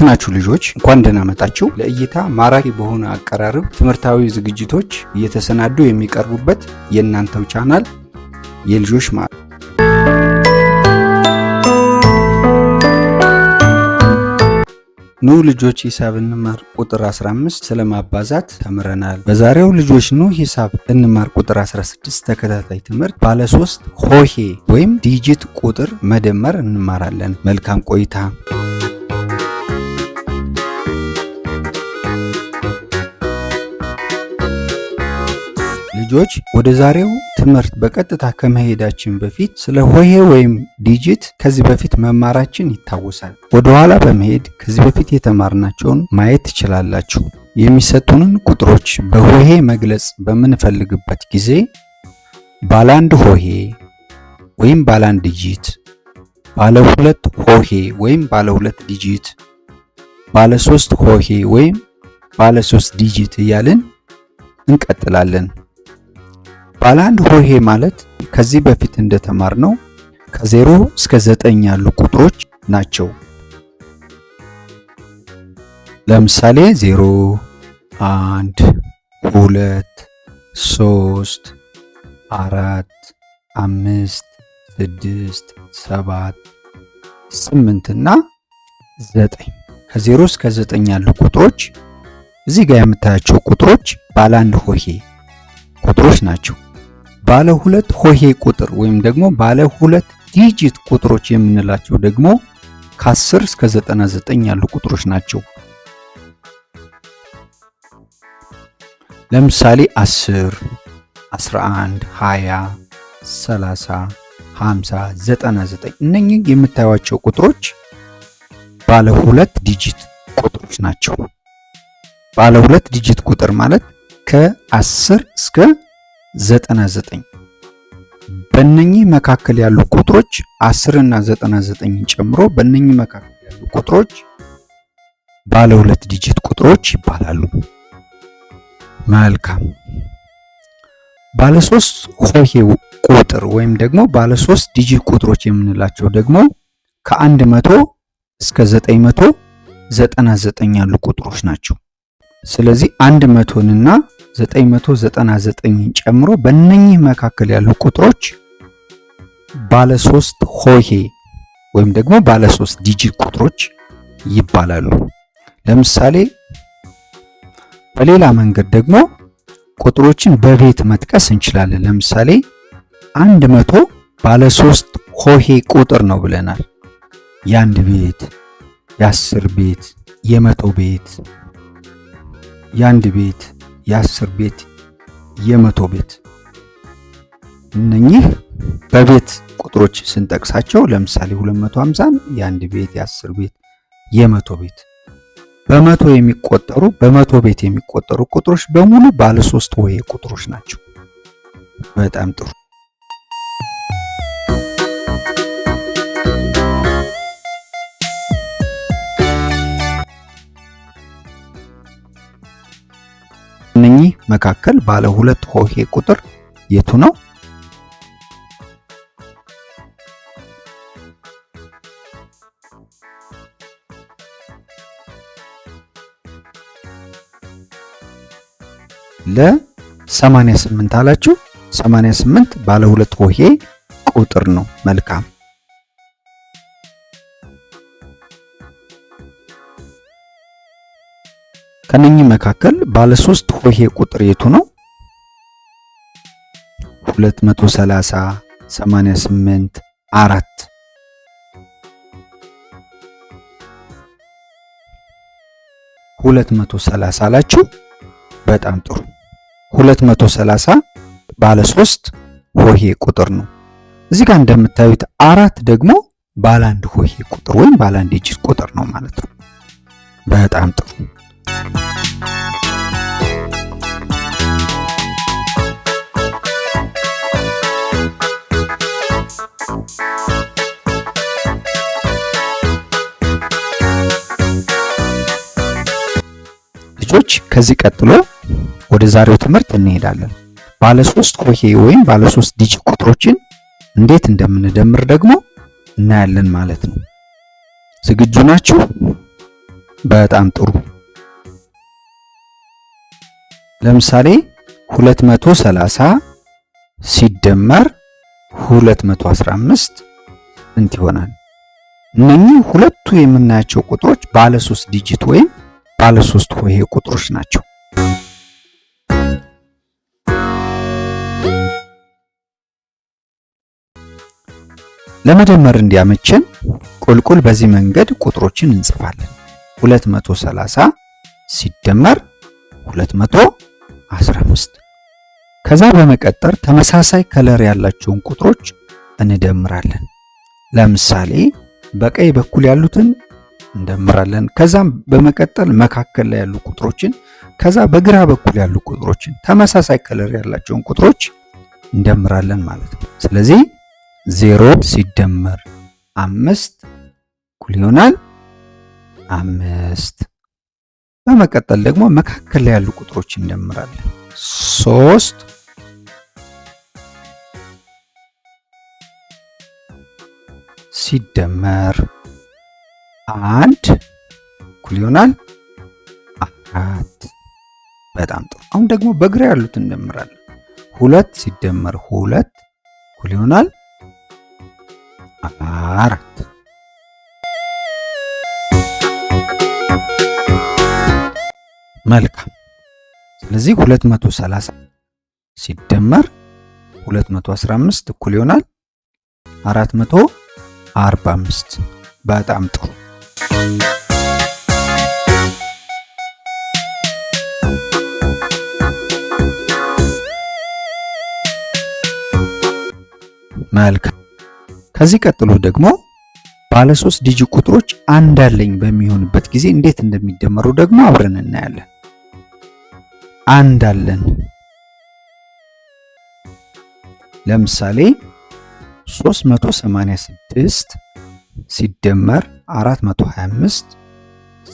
እንዴት ናችሁ ልጆች? እንኳን ደህና መጣችሁ። ለእይታ ማራኪ በሆነ አቀራረብ ትምህርታዊ ዝግጅቶች እየተሰናዱ የሚቀርቡበት የእናንተው ቻናል የልጆች ማ ኑ ልጆች ሂሳብ እንማር ቁጥር 15 ስለ ማባዛት ተምረናል። በዛሬው ልጆች ኑ ሂሳብ እንማር ቁጥር 16 ተከታታይ ትምህርት ባለ 3 ሆሄ ወይም ዲጂት ቁጥር መደመር እንማራለን። መልካም ቆይታ ልጆች ወደ ዛሬው ትምህርት በቀጥታ ከመሄዳችን በፊት ስለ ሆሄ ወይም ዲጂት ከዚህ በፊት መማራችን ይታወሳል። ወደኋላ በመሄድ ከዚህ በፊት የተማርናቸውን ማየት ትችላላችሁ። የሚሰጡንን ቁጥሮች በሆሄ መግለጽ በምንፈልግበት ጊዜ ባለ አንድ ሆሄ ወይም ባለ አንድ ዲጂት፣ ባለ ሁለት ሆሄ ወይም ባለ ሁለት ዲጂት፣ ባለ ሶስት ሆሄ ወይም ባለ ሶስት ዲጂት እያልን እንቀጥላለን። ባለ አንድ ሆሄ ማለት ከዚህ በፊት እንደተማርነው ከዜሮ እስከ ዘጠኝ ያሉ ቁጥሮች ናቸው። ለምሳሌ ዜሮ፣ አንድ፣ ሁለት፣ ሶስት፣ አራት፣ አምስት፣ ስድስት፣ ሰባት፣ ስምንት እና ዘጠኝ ከዜሮ እስከ ዘጠኝ ያሉ ቁጥሮች እዚህ ጋር የምታያቸው ቁጥሮች ባለ አንድ ሆሄ ቁጥሮች ናቸው። ባለ ሁለት ሆሄ ቁጥር ወይም ደግሞ ባለ ሁለት ዲጂት ቁጥሮች የምንላቸው ደግሞ ከ10 እስከ 99 ያሉ ቁጥሮች ናቸው። ለምሳሌ 10፣ 11፣ 20፣ 30፣ 50፣ 99 እነኚህ የምታዩቸው ቁጥሮች ባለ ሁለት ዲጂት ቁጥሮች ናቸው። ባለ ሁለት ዲጂት ቁጥር ማለት ከ10 እስከ 99 በእነኚህ መካከል ያሉ ቁጥሮች 10 እና 99 ጨምሮ በእነኚህ መካከል ያሉ ቁጥሮች ባለ ሁለት ዲጂት ቁጥሮች ይባላሉ። መልካም ባለ ሶስት ሆሄ ቁጥር ወይም ደግሞ ባለ ሶስት ዲጂት ቁጥሮች የምንላቸው ደግሞ ከ100 እስከ 999 ያሉ ቁጥሮች ናቸው። ስለዚህ አንድ መቶንና 999ን ጨምሮ በእነኚህ መካከል ያሉ ቁጥሮች ባለ ሶስት ሆሄ ወይም ደግሞ ባለ ሶስት ዲጂት ቁጥሮች ይባላሉ። ለምሳሌ በሌላ መንገድ ደግሞ ቁጥሮችን በቤት መጥቀስ እንችላለን። ለምሳሌ አንድ መቶ ባለ ሶስት ሆሄ ቁጥር ነው ብለናል። የአንድ ቤት፣ የአስር ቤት፣ የመቶ ቤት የአንድ ቤት፣ የአስር ቤት፣ የመቶ ቤት እነኚህ በቤት ቁጥሮች ስንጠቅሳቸው ለምሳሌ 250 የአንድ ቤት፣ የአስር ቤት፣ የመቶ ቤት በመቶ የሚቆጠሩ በመቶ ቤት የሚቆጠሩ ቁጥሮች በሙሉ ባለ ሶስት ወይ ቁጥሮች ናቸው። በጣም ጥሩ። መካከል ባለ ሁለት ሆሄ ቁጥር የቱ ነው? ለ88 አላችሁ። 88 ባለ ሁለት ሆሄ ቁጥር ነው። መልካም ከነኚህ መካከል ባለ ሶስት ሆሄ ቁጥር የቱ ነው? 230 88 አራት ሁለት መቶ ሰላሳ አላችሁ። በጣም ጥሩ። ሁለት መቶ ሰላሳ ባለ ሶስት ሆሄ ቁጥር ነው። እዚህ ጋር እንደምታዩት አራት ደግሞ ባለ አንድ ሆሄ ቁጥር ወይም ባለ አንድ ዲጂት ቁጥር ነው ማለት ነው። በጣም ጥሩ። ልጆች ከዚህ ቀጥሎ ወደ ዛሬው ትምህርት እንሄዳለን። ባለ ሶስት ሆሄ ወይም ባለ ሶስት ዲጂት ቁጥሮችን እንዴት እንደምንደምር ደግሞ እናያለን ማለት ነው። ዝግጁ ናችሁ? በጣም ጥሩ። ለምሳሌ 230 ሲደመር 215 ስንት ይሆናል? እነኚህ ሁለቱ የምናያቸው ቁጥሮች ባለ ሶስት ዲጂት ወይም ባለ ሶስት ሆሄ ቁጥሮች ናቸው። ለመደመር እንዲያመችን ቁልቁል በዚህ መንገድ ቁጥሮችን እንጽፋለን። 230 ሲደመር 200 15 ከዛ በመቀጠር ተመሳሳይ ከለር ያላቸውን ቁጥሮች እንደምራለን። ለምሳሌ በቀኝ በኩል ያሉትን እንደምራለን። ከዛም በመቀጠል መካከል ላይ ያሉ ቁጥሮችን፣ ከዛ በግራ በኩል ያሉ ቁጥሮችን ተመሳሳይ ከለር ያላቸውን ቁጥሮች እንደምራለን ማለት ነው። ስለዚህ ዜሮ ሲደመር አምስት እኩል ይሆናል አምስት በመቀጠል ደግሞ መካከል ላይ ያሉ ቁጥሮች እንደምራለን። ሶስት ሲደመር አንድ እኩል ይሆናል አራት። በጣም ጥሩ። አሁን ደግሞ በግራ ያሉት እንደምራለን። ሁለት ሲደመር ሁለት እኩል ይሆናል አራት። መልካም። ስለዚህ 230 ሲደመር 215 እኩል ይሆናል 445። በጣም ጥሩ። መልካም። ከዚህ ቀጥሎ ደግሞ ባለ ሶስት ዲጂ ቁጥሮች አንድ አለኝ በሚሆንበት ጊዜ እንዴት እንደሚደመሩ ደግሞ አብረን እናያለን። አንድ አለን። ለምሳሌ 386 ሲደመር 425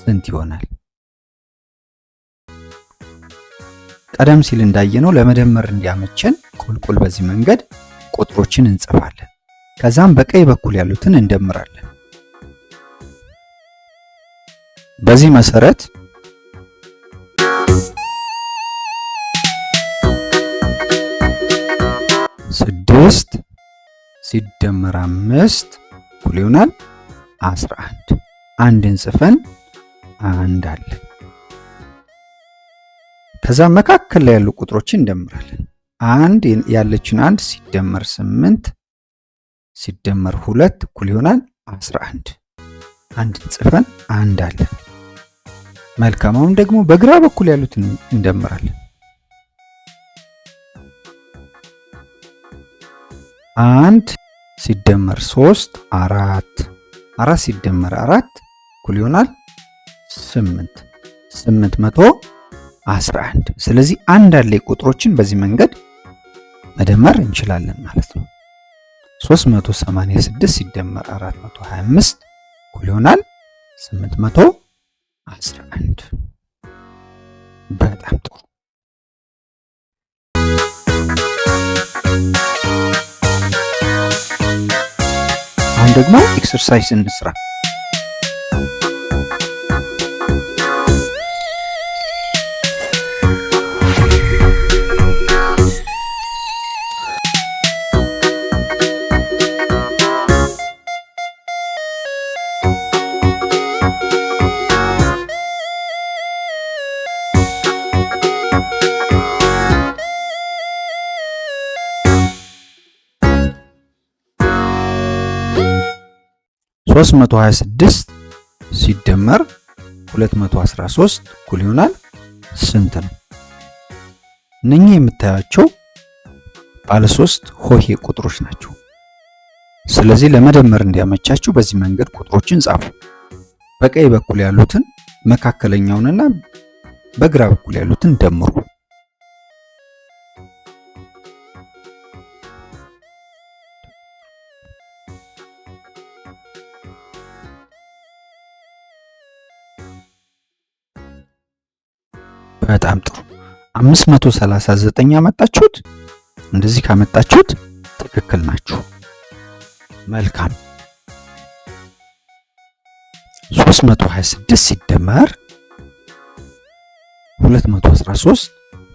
ስንት ይሆናል? ቀደም ሲል እንዳየነው ለመደመር እንዲያመቸን ቁልቁል በዚህ መንገድ ቁጥሮችን እንጽፋለን። ከዛም በቀኝ በኩል ያሉትን እንደምራለን። በዚህ መሰረት ስድስት ሲደመር አምስት እኩል ይሆናል አስራ አንድ አንድን ጽፈን አንድ አለ። ከዛ መካከል ላይ ያሉ ቁጥሮችን እንደምራለን። አንድ ያለችን አንድ ሲደመር ስምንት ሲደመር ሁለት እኩል ይሆናል አስራ አንድ አንድን ጽፈን አንድ አለ። መልካም። አሁን ደግሞ በግራ በኩል ያሉትን እንደምራለን። አንድ ሲደመር ሶስት አራት፣ አራት ሲደመር አራት እኩል ይሆናል ስምንት፣ ስምንት መቶ አስራ አንድ። ስለዚህ አንድ አለ ቁጥሮችን በዚህ መንገድ መደመር እንችላለን ማለት ነው። 386 ሲደመር 425 እኩል ይሆናል 800 አስራ አንድ በጣም ጥሩ። አሁን ደግሞ ኤክሰርሳይዝ እንስራ። 326 ሲደመር 213 እኩል ይሆናል ስንት ነው? እነኚህ የምታያቸው ባለ ሆሄ ቁጥሮች ናቸው። ስለዚህ ለመደመር እንዲያመቻችሁ በዚህ መንገድ ቁጥሮችን ጻፉ። በቀኝ በኩል ያሉትን መካከለኛውንና በግራ በኩል ያሉትን ደምሩ። በጣም ጥሩ 539 አመጣችሁት። እንደዚህ ካመጣችሁት ትክክል ናችሁ። መልካም 326 ሲደመር 213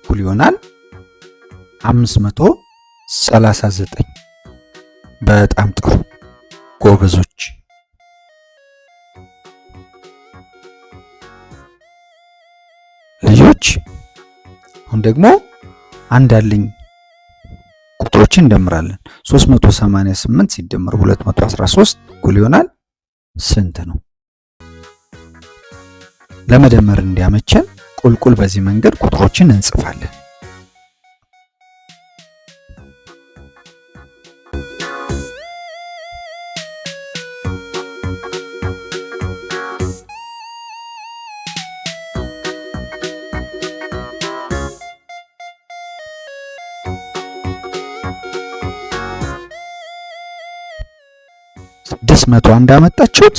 እኩል ይሆናል 539። በጣም ጥሩ ጎበዞች። ቁጥሮች አሁን ደግሞ አንድ አለኝ ቁጥሮችን እንደምራለን። 388 ሲደመር 213 እኩል ይሆናል ስንት ነው? ለመደመር እንዲያመቸን ቁልቁል በዚህ መንገድ ቁጥሮችን እንጽፋለን። መቶ እንዳመጣችሁት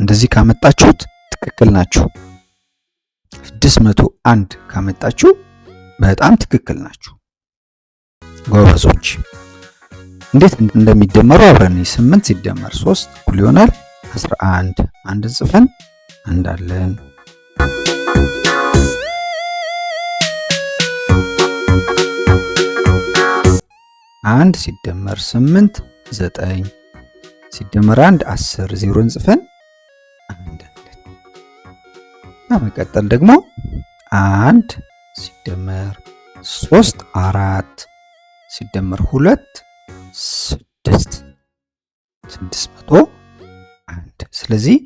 እንደዚህ ካመጣችሁት ትክክል ናችሁ። ስድስት መቶ አንድ ካመጣችሁ በጣም ትክክል ናችሁ። ጎበዞች እንዴት እንደሚደመሩ አብረን ስምንት ሲደመር ሶስት እኩል ይሆናል አስራ አንድ አንድን ጽፈን አንዳለን አንድ ሲደመር ስምንት ዘጠኝ ሲደመር አንድ አስር ዜሮን ጽፈን አንድ አለን። በመቀጠል ደግሞ አንድ ሲደመር ሶስት አራት ሲደመር ሁለት ስድስት ስድስት መቶ አንድ። ስለዚህ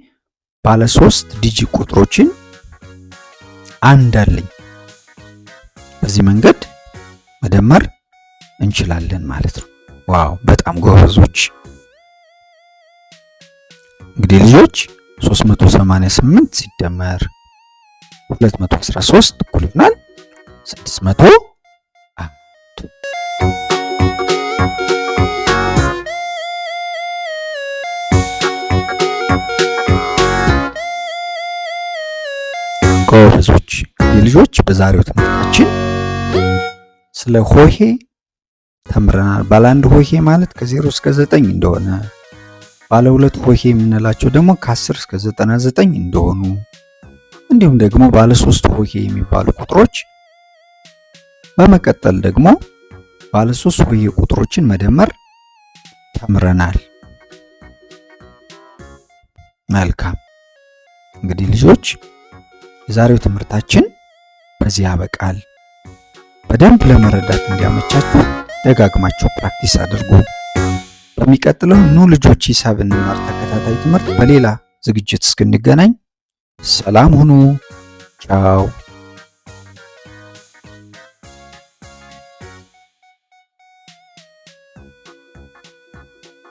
ባለ ሶስት ዲጂ ቁጥሮችን አንድ አለኝ። በዚህ መንገድ መደመር እንችላለን ማለት ነው። ዋው! በጣም ጎበዞች። እንግዲህ ልጆች 388 ሲደመር 213 እኩል ይሆናል 600 ጎበዞች የልጆች በዛሬው ትምህርታችን ስለ ሆሄ ተምረናል። ባለ አንድ ሆሄ ማለት ከዜሮ እስከ ዘጠኝ እንደሆነ ባለ ሁለት ሆሄ የምንላቸው ደግሞ ከ10 እስከ 99 እንደሆኑ እንዲሁም ደግሞ ባለ ሶስት ሆሄ የሚባሉ ቁጥሮች በመቀጠል ደግሞ ባለ ሶስት ሆሄ ቁጥሮችን መደመር ተምረናል። መልካም እንግዲህ ልጆች የዛሬው ትምህርታችን በዚህ ያበቃል። በደንብ ለመረዳት እንዲያመቻችሁ ደጋግማችሁ ፕራክቲስ አድርጉ። በሚቀጥለው ኑ ልጆች ሂሳብ እንማር ተከታታይ ትምህርት በሌላ ዝግጅት እስክንገናኝ ሰላም ሁኑ። ቻው